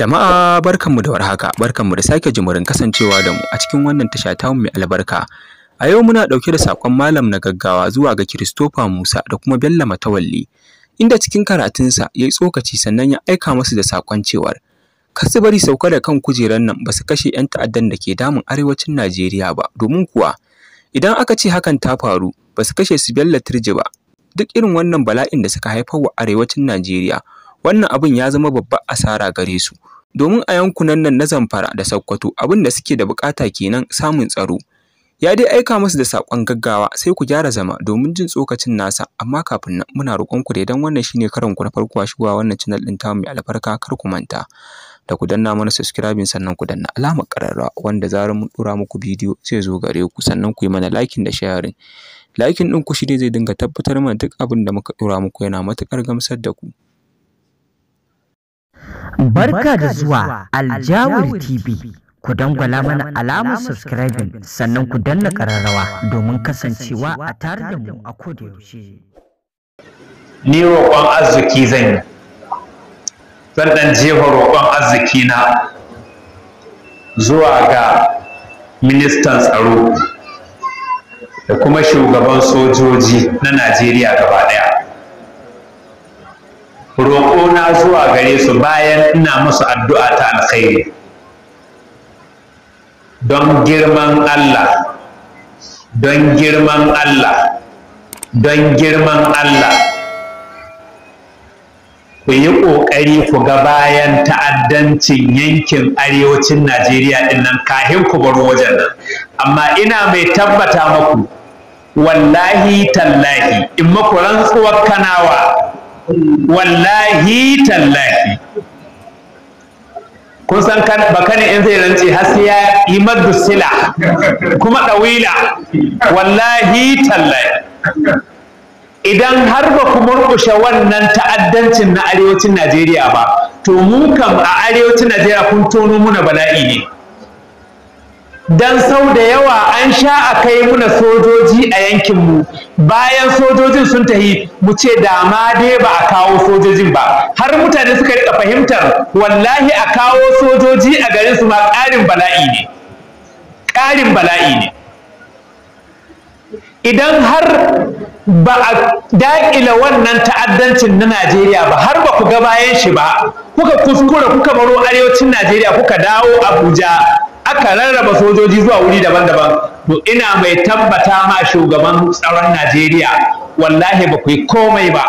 Jama'a barkanmu da warhaka, barkanmu da sake jimurin kasancewa da mu a cikin wannan tasha ta mai albarka. A yau muna ɗauke da saƙon malam na gaggawa zuwa ga Christopher Musa da kuma Bello Matawalli, inda cikin karatunsa ya yi tsokaci sannan ya aika masu da saƙon cewar kasu su bari sauka da kan kujerar nan ba su kashe 'yan ta'addan da ke damun arewacin Najeriya ba, domin kuwa idan aka ce hakan ta faru ba su kashe su Bello Turji ba, duk irin wannan bala'in da suka haifar wa arewacin Najeriya wannan abin ya zama babbar asara gare su domin a yankunan nan na Zamfara da Sokoto abin da suke da bukata kenan samun tsaro ya dai aika musu da sakon gaggawa sai ku gyara zama domin jin tsokacin nasa amma kafin nan muna roƙon ku da idan wannan shine karan ku na farko a shigowa wannan channel din tamu mai albarka kar ku manta da ku danna mana subscribing sannan ku danna alamar ƙararrawa wanda zarar mun dora muku bidiyo sai zo gare ku sannan ku yi mana liking da sharing liking din ku shi zai dinga tabbatar mana duk abin da muka dora muku yana matukar gamsar da ku Barka da zuwa Aljawul TV. Ku dangwala mana alamar subscribing sannan ku danna ƙararrawa domin kasancewa a tare da mu a yaushe. Ni roƙon arziki zan yi. Zan ɗan jefa roƙon arziki na zuwa ga ministan tsaro da kuma shugaban sojoji na Najeriya gaba ɗaya. na zuwa gare su bayan ina musu addu'a ta alkhairi don girman Allah don girman Allah don girman Allah ku yi ƙoƙari ku ga bayan ta'addancin yankin arewacin Najeriya ɗin nan kahin ku baro wajen nan amma ina mai tabbata maku, wallahi tallahi in maku rantsuwar kanawa wallahi tallahi kun san kan ne in zai rance har sai ya yi maddu kuma dawila wallahi tallahi idan har ba ku murkushe wannan ta'addancin na arewacin Najeriya ba to mun kam a arewacin Najeriya kun tono muna bala'i ne dan sau da yawa an sha a kai muna sojoji a yankinmu bayan sojojin sun tahi mu ce da ma dai ba a kawo sojojin ba har mutane suka rika fahimtar wallahi a kawo sojoji a garin su ma ƙarin bala'i ne ƙarin bala'i ne idan har ba a daƙila wannan ta'addancin na Najeriya ba har ba ku ga bayan shi ba kuka kuskura kuka baro arewacin Najeriya kuka dawo Abuja aka rarraba sojoji zuwa wuri daban-daban to ina mai tabbata ma shugaban tsaron Najeriya wallahi ba ku yi komai ba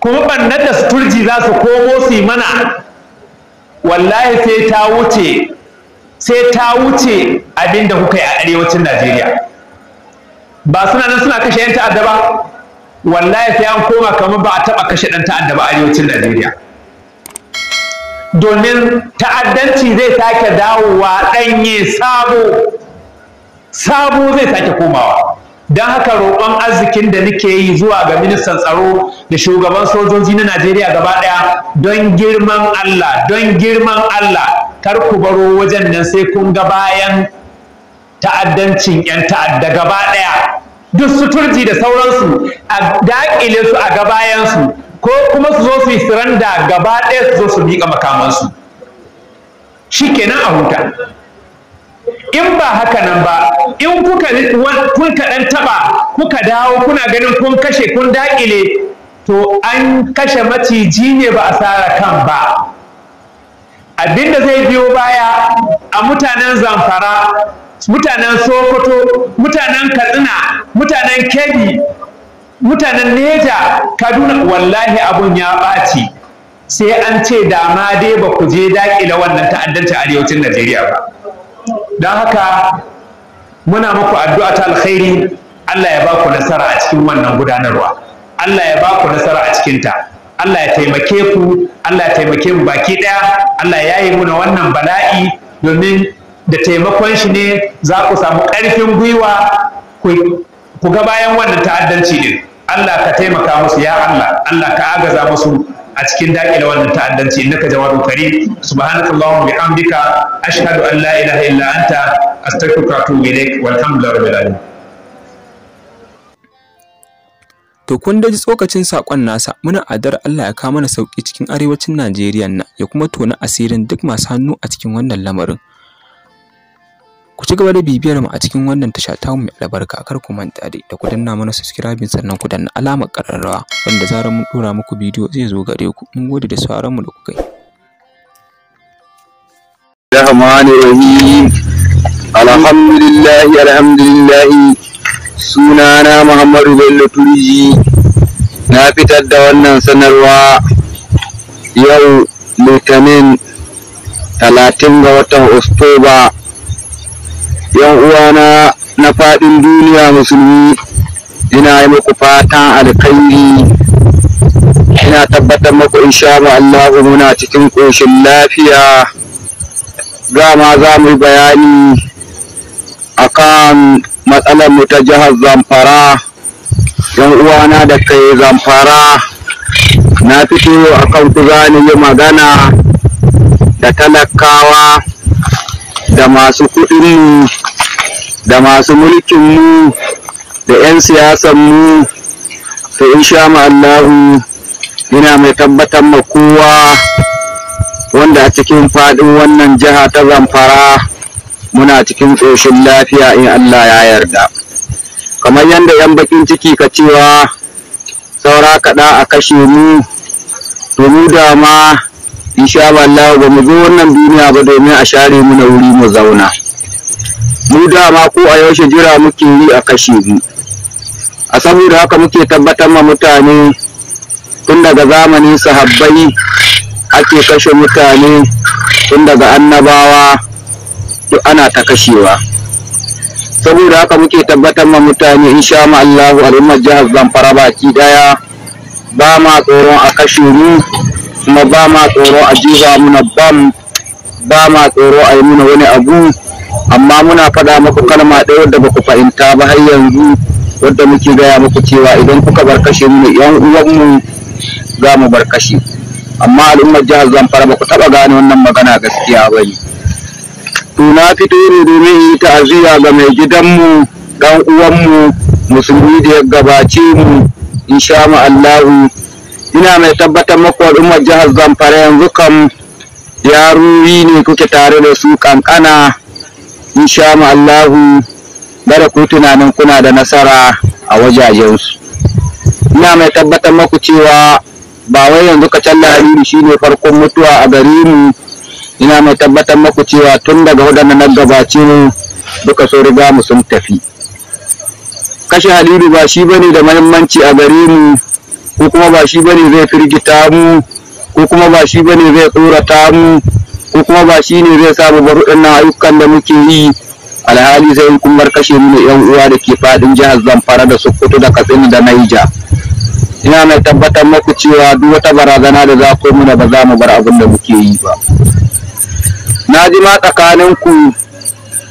kuma banna da suturji za su komo su mana wallahi sai ta wuce sai ta wuce abin da kuka yi a arewacin Najeriya ba suna nan suna kashe 'yan ta'adda ba wallahi sai an koma kamar ba a taɓa kashe ɗan ta'adda ba a arewacin Najeriya domin ta'addanci zai sake dawowa ɗanye sabo sabo zai sake komawa don haka roƙon arzikin da nake yi zuwa ga ministan tsaro da shugaban sojoji na najeriya gaba ɗaya don girman allah don girman allah kar ku baro wajen nan sai kun ga bayan ta'addancin 'yan ta'adda gaba ɗaya duk suturji da sauransu a daƙile su a gabayansu ko kuma su zo su yi suranda gaba ɗaya su zo su miƙa makamansu shi kenan a huta in ba haka nan ba in kuka kun kaɗan taɓa kuka dawo kuna ganin kun kashe kun daƙile to an kashe maciji ne ba a sara kan ba abinda zai biyo baya a mutanen zamfara mutanen sokoto mutanen katsina mutanen kebbi mutanen neja kaduna wallahi abun ya ɓaci sai an ce da ma dai ba ku je daƙila wannan ta'addanci arewacin najeriya ba don haka muna muku addu'a ta alkhairi allah ya ba ku nasara a cikin wannan gudanarwa allah ya ba ku nasara a cikinta allah ya taimake ku allah ya taimake mu baki ɗaya allah ya yi muna wannan bala'i domin da taimakon shi ne za ku samu ƙarfin gwiwa ku ga bayan wannan ta'addanci ɗin Allah ka taimaka musu ya Allah Allah ka agaza musu a cikin daƙile wannan ta'addanci innaka jawadu karim wa bihamdika ashhadu an la ilaha illa anta astaghfiruka wa atubu ilaik walhamdulillahi rabbil alamin To kun daji tsokacin sakon nasa muna adar Allah ya kawo mana sauki cikin arewacin Najeriya na, ya kuma tona asirin duk masu hannu a cikin wannan lamarin. Ku ci gaba da bibiyar mu a cikin wannan tasha ta mu albarka kar ku manta dai da ku danna mana subscribe sannan ku danna alamar ƙararrawa wanda zarar mun dora muku bidiyo zai zo gare ku. Mun gode da sauraron mu da kuka yi. الرحمن Rahim alhamdulillahi alhamdulillahi sunana Muhammadu Bello Turji na fitar da wannan sanarwa yau Litinin talatin ga watan Oktoba yan uwana na faɗin duniya musulmi ina yi muku fatan alkhairi ina tabbatar muku insha Allah muna cikin ƙoshin lafiya ma za mu yi bayani akan matsalar mu ta jihar Zamfara yan uwana da kai Zamfara na fito akan ku zani yi magana da talakawa da masu kuɗinmu da masu mulkinmu da 'yan siyasanmu to insha Allahu yana mai tabbatar ma kowa wanda a cikin faɗin wannan jiha ta zamfara muna cikin tsoshin lafiya in Allah ya yarda kamar yadda 'yan bakin ciki ka cewa saura kaɗa a kashe mu to dama insha Allah ba mu zo wannan duniya ba domin a share mu na wuri mu zauna mu dama ko a yaushe jira muke yi a kashe mu a saboda haka muke tabbatar ma mutane tun daga zamanin sahabbai ake kashe mutane tun daga annabawa to ana ta kashewa saboda haka muke tabbatar ma mutane in sha ma Allah al'ummar jihar Zamfara baki daya ba ma tsoron a kashe mu kuma ba ma tsoro a jiza muna bam ba ma tsoro a yi muna wani abu amma muna faɗa maku kalma ɗaya wadda ba ku fahimta ba har yanzu wadda muke gaya muku cewa idan kuka barkashe mu yan uwanmu za mu barkashe amma al'ummar jihar zamfara ba ku taɓa gane wannan magana gaskiya ba ne to na fito ne domin yi ta'aziyya ga mai mu dan uwanmu musulmi da ya gabace mu insha Allahu ina mai tabbatar maku al'ummar jihar zamfara yanzu kam yaruri ne kuke tare da su kankana insha Allahu bada ku tunanin kuna da nasara a wajajensu ina mai tabbatar maku cewa ba wai yanzu ka can hariri shine farkon mutuwa a gare mu ina mai tabbatar maku cewa tun daga wadannan na gabace mu duka so riga mu sun tafi kashe haliru ba shi bane da muhimmanci a gare mu ko kuma ba shi bane zai firgita mu ko kuma ba shi bane zai tsorata mu ko kuma ba shi ne zai samu bar waɗannan ayyukan da muke yi alhali sai in kun kashe mu yan uwa da ke fadin jihar Zamfara da Sokoto da Katsina da Naija ina mai tabbatar muku cewa duk wata barazana da za ku mu ba za mu bar abin da muke yi ba na ji ma tsakaninku ku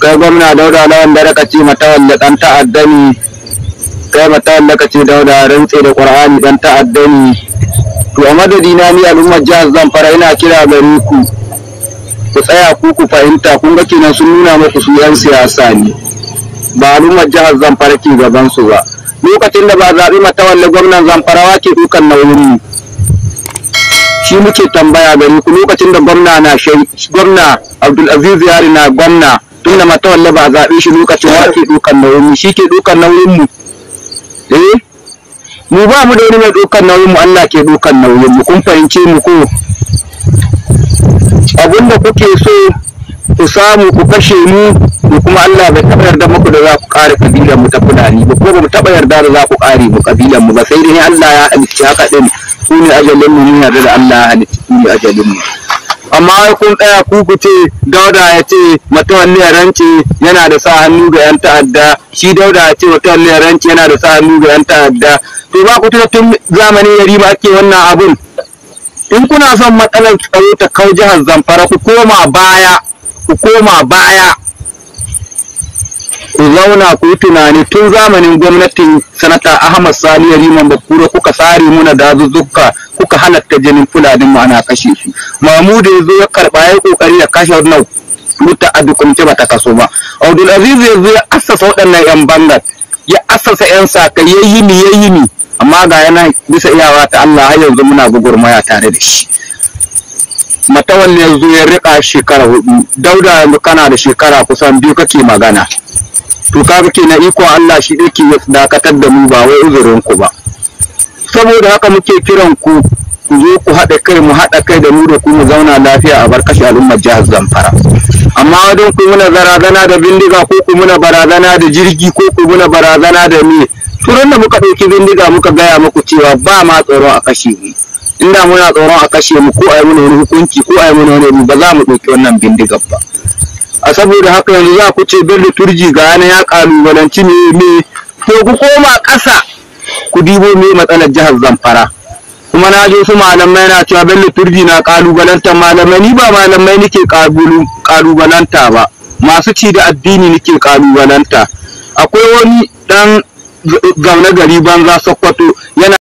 kai gwamna dauda lawan da raka ce mata wanda ɗan ta'adda ne kai mata laka ce da dauda rantse da qur'ani dan ta'adda ne to a madadina ni al'ummar jihar zamfara ina kira gare ku ku tsaya ku ku fahimta kun ga kenan sun nuna muku su yan siyasa ne ba al'ummar jihar zamfara ke gaban su ba lokacin da ba zaɓi matawalle gwamnan zamfara wa ke dukan nauyi shi muke tambaya gare ku lokacin da gwamna na gwamna abdulaziz yari na gwamna tunda matawalle ba zaɓi shi lokacin wa ke dukan nauyin mu shi ke dukan nauyin mu eh mu ba mu da wani mai ɗaukan nauyin mu Allah ke ɗaukan nauyin mu kun fahimce mu ko abinda kuke so ku samu ku kashe mu mu kuma Allah bai taɓa yarda muku da za ku ƙare kabilan mu ta Fulani ba kuma ba mu taɓa yarda da za ku ƙare mu kabilan mu ba sai dai Allah ya halicci haka ɗin ku ne ajalin mu mun da Allah ya halicci ku ne ajalin mu amma kun tsaya ku ku ce dauda ya ce mutawalli ya rance yana da sa hannu ga yan ta'adda shi dauda ya ce mutawalli ya yana da sa hannu ga yan ta'adda to ba ku tun zamani ya riba ke wannan abun in kuna son matsalar tsaro ta kau jihar zamfara ku koma baya ku koma baya ku zauna ku yi tunani tun zamanin gwamnatin sanata ahmad sani Yarima bakura kuka tsare muna dazuzzuka Ka halatta jinin fulanin ma'ana kashe su mamu da ya zo ya karba ya kokari ya kashe nan wuta a ba ta kaso ba abdul aziz ya zo ya assasa waɗannan yan bangar ya assasa yan saka ya yi ni ya yi ni amma ga yana bisa iyawa ta Allah har yanzu muna gugurmaya tare da shi matawan ya zo ya rika shekara hudu dauda yanzu kana da shekara kusan biyu kake magana to kaga kenan iko Allah shi yake dakatar da mu ba wai uzurin ku ba saboda haka muke kiran ku ku zo ku haɗa kai mu haɗa kai da mu da ku mu zauna lafiya a barkashi al'umma al'ummar jihar Zamfara amma don ku muna barazana da bindiga ko ku muna barazana da jirgi ko ku muna barazana da me turan da muka ɗauki bindiga muka gaya muku cewa ba ma tsoron a kashe mu inda muna tsoron a kashe mu ko a yi mana wani hukunci ko a yi mana wani ba za mu ɗauki wannan bindigar ba a saboda haka yanzu za ku ce bello turji ga yana ya kalubalanci ne ne to ku koma ƙasa ku dibo me matsalar jihar zamfara kuma na je su malamai na cewa bello turji na kalubalantar malamai ni ba malamai nake kalubalanta ba masu ci da addini nake kalubalanta akwai wani dan zaune gari banza sokoto yana